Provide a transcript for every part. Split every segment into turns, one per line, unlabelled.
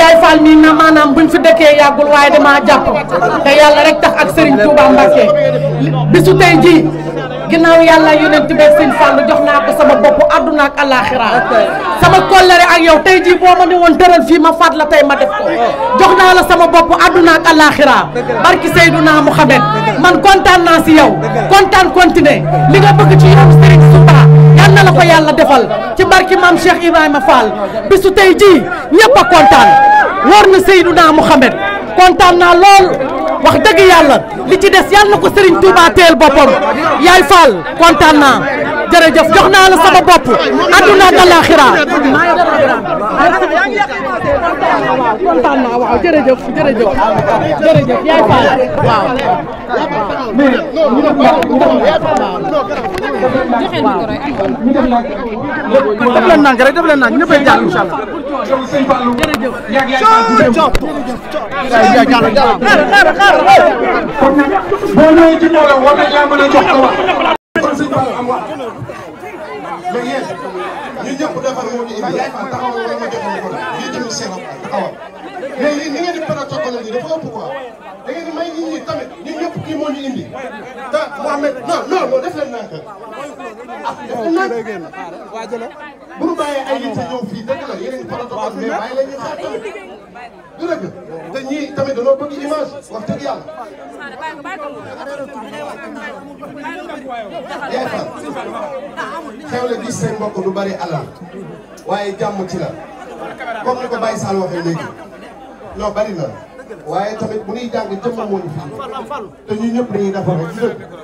yaay Fall mii na maanaam buñ fi dëkkee yàggul waaye dama jàpp te yàlla rek tax ak Serigne Touba Mbacké bisu tey jii ginnaaw yàlla yonent bi Sëñ Fall jox naa ko sama bopp àdduna ak àllaaxira sama kollëre ak yow tey jii boo ma ne woon fii ma faat la tey ma def jox naa la sama bopp àdduna ak àllaaxira barki Seyduna Muhammad man kontaan naa si yow kontaan continuer li nga bëgg ci yow Serigne Touba yal na la ko yàlla defal ci barki maam Cheikh a kontaan wóor na Seydouna Mouhamed kontaan naa lool wax dëgg yàlla li ci des yàlla na ko Serigne Touba teel boppam yaay Fall kontaan naa jërëjëf jox naa la sama bopp àdduna ak alaaxira kontaan def leen nang rek def leen nang ñëpp a jàll incha allah. coow coow. boo ñëwee ci mbooloo war nañ laa mën a jox ko wax. kon sëñ Fallou am wax. mais yéen ñun ñëpp defar moo ñu indi yaay Fall taxawal wala ma jox ñu ko lii tamit seen taxawal mais yéen ni ngeen di protocole nii dafa ëpp quoi da ngeen di may nit ñi tamit ñun ñëpp kii moo ñu indi te Mouhamed non non def leen nang bu ñu bàyyee ay nit ñëw fii dëgg la yeneen protocole mais bàyyi la ñuy xaar tamit du dëgg te ñii tamit dañoo bëgg image wax dëgg yàlla. xew la gis seen mbokk du bari alal waaye jàmm ci la comme ni ko Baye Sall waxee léegi non bari na waaye tamit bu ñuy jàng jëmm moo ñu fi te ñun ñëpp dañuy defar rek du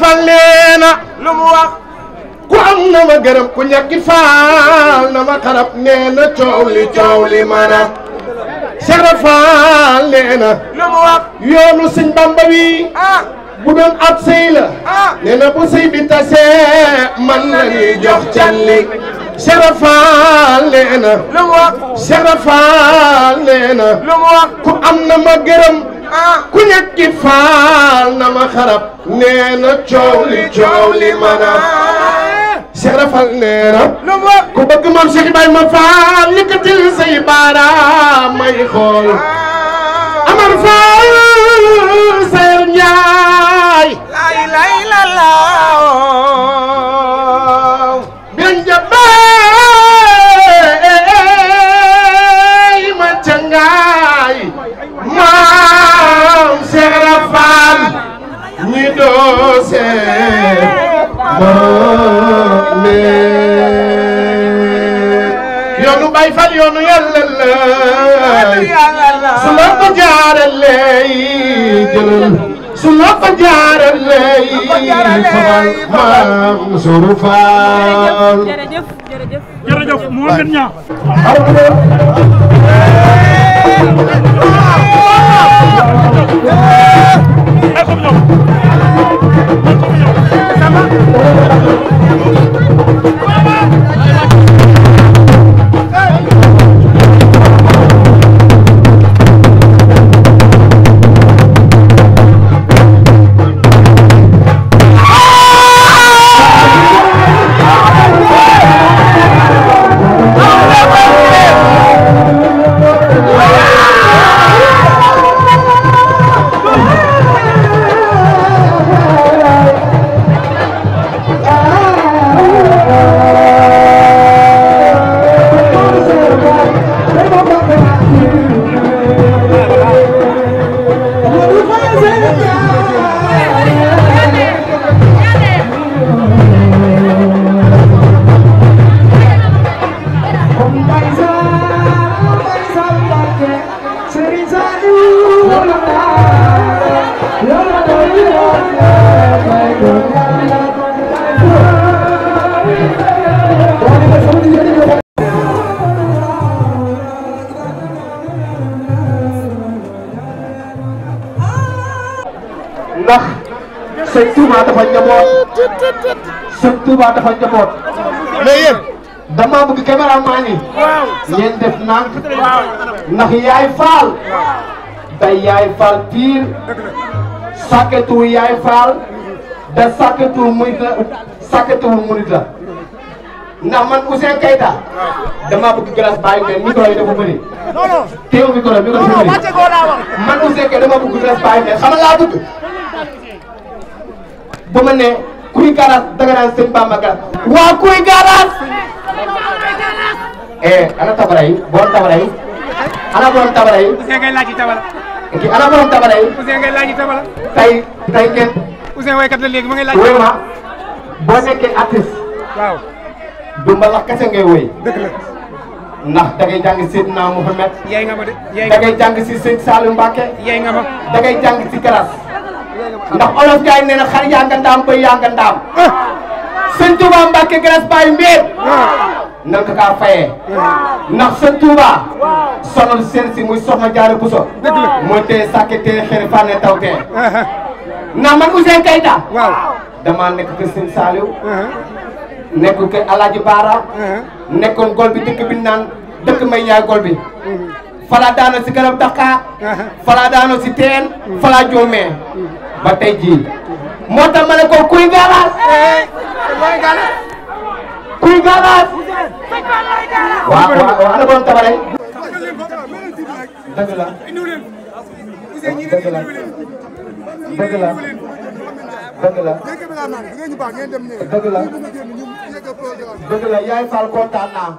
fal leena ku am na ma gërëm ku ñàkki faal na ma xarab nee coow li coow li mana na lu mu wax yoonu sëñ Bamba wi ah. bu doon ab sëy la ah. nee na bu sëy bi tasee man la ñuy jox canli Cheikh Faal nee na Faal nee ku am na ma gërëm ku ñàkk ki faal na ma xarab nee coow li coow li mën a seera fal nee na ku bëgg maam Cheikh Ibrahima Faal yëkkatil say baaraam may xool Amar Faal Seer Njaay lay lay la laaw oh. su la ko jaaralee jëlal su la ko jaaralee xamal maam Soro Fall. jërëjëf jërëjëf jërëjëf moo gën ñaa. ndax sëñ Touba dafa njaboot sëñ Touba dafa njaboot. mais yéen. damaa bëgg caméraman yi. ngeen yaay faal. day yaay faal piir. sàkketu yaay faal. da sàkketu muy la sàkketu murit la. ndax man Ouzin Keita dama bëgg glace bàyyi mais micro yi dafa bëri. teewu micro micro dafa bëri man Ouzin Keita dama bëgg glace bàyyi mais xam nga laa bëgg. ba ma ne kuy garas danga naan sëñ Bamba garas. waa kuy garas. eh ana tabara yi borom tabara yi ana borom tabara yi. Ouzin ngay laaj ci tabara. kii ana borom tabara yi. Ouzin ngay laaj ci tabara. tey tey kenn. Ouzin waykat la léegi ma ngay laaj. vraiment boo nekkee artiste. waaw. du mbalax kese ngay woy ndax da ngay jàng Seydina Mouhamed yaay nga ma de da ngay jàng si Sëñ Saalu Mbàkke yaay nga ma da ngay jàng si Karas ndax olof jaay nee na xar yaa nga ndaam bay yaa nga ndaam ah. Sëñ Tuuba Mbàkke Karas bàyyi mbir ah. nan ka kaa fayee ah. ndax Sëñ Tuuba sonal seen si muy soxna Jaara Buso moo tee sàkke tee xeri fànne taw tee ndax man Ouzin Keita damaa nekk kër Sëñ nekkul kër Alaaji Baara uh-huh. nekkoon gol bi dëkk bi naan dëkk may ñaay gol bi uh-huh. falaa daano si garab daqaa uh-huh. falaa daano si teen falaa joomee ba tey jii moo tax ma ko kuy galaas eh, kuy galaas waaw waaw ana borom tabare dëgg la la dëgg la yaay Fall kontaan naa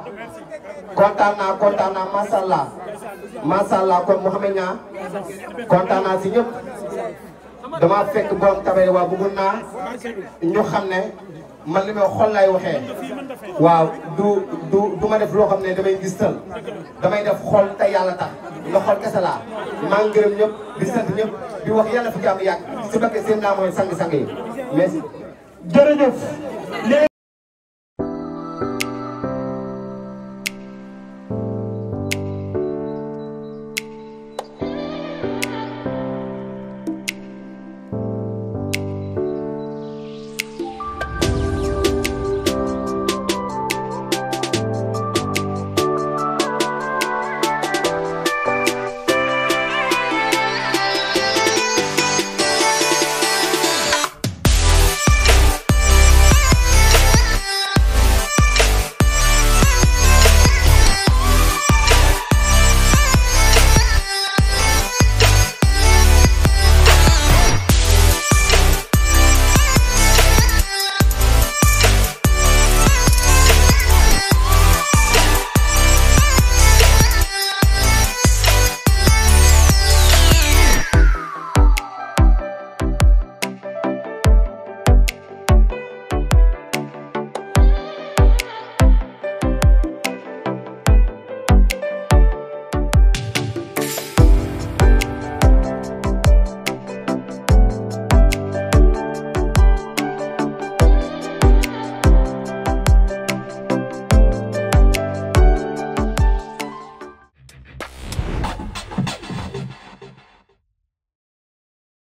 kontaan naa kontaan naa macha allah macha allah kon Mouhamed Niang kontaan naa si ñëpp damaa fekk borom tabay waaw bëggoon naa ñu xam ne man li may xol lay waxee waaw du du du ma def loo xam ne damay gis tal damay def xol te yàlla tax nga xol kese laa maa ngi gërëm ñëpp di sant ñëpp di wax yàlla fi jàmm yàgg si bëgg seen naa mooy sang-sang yi mais jërëjëf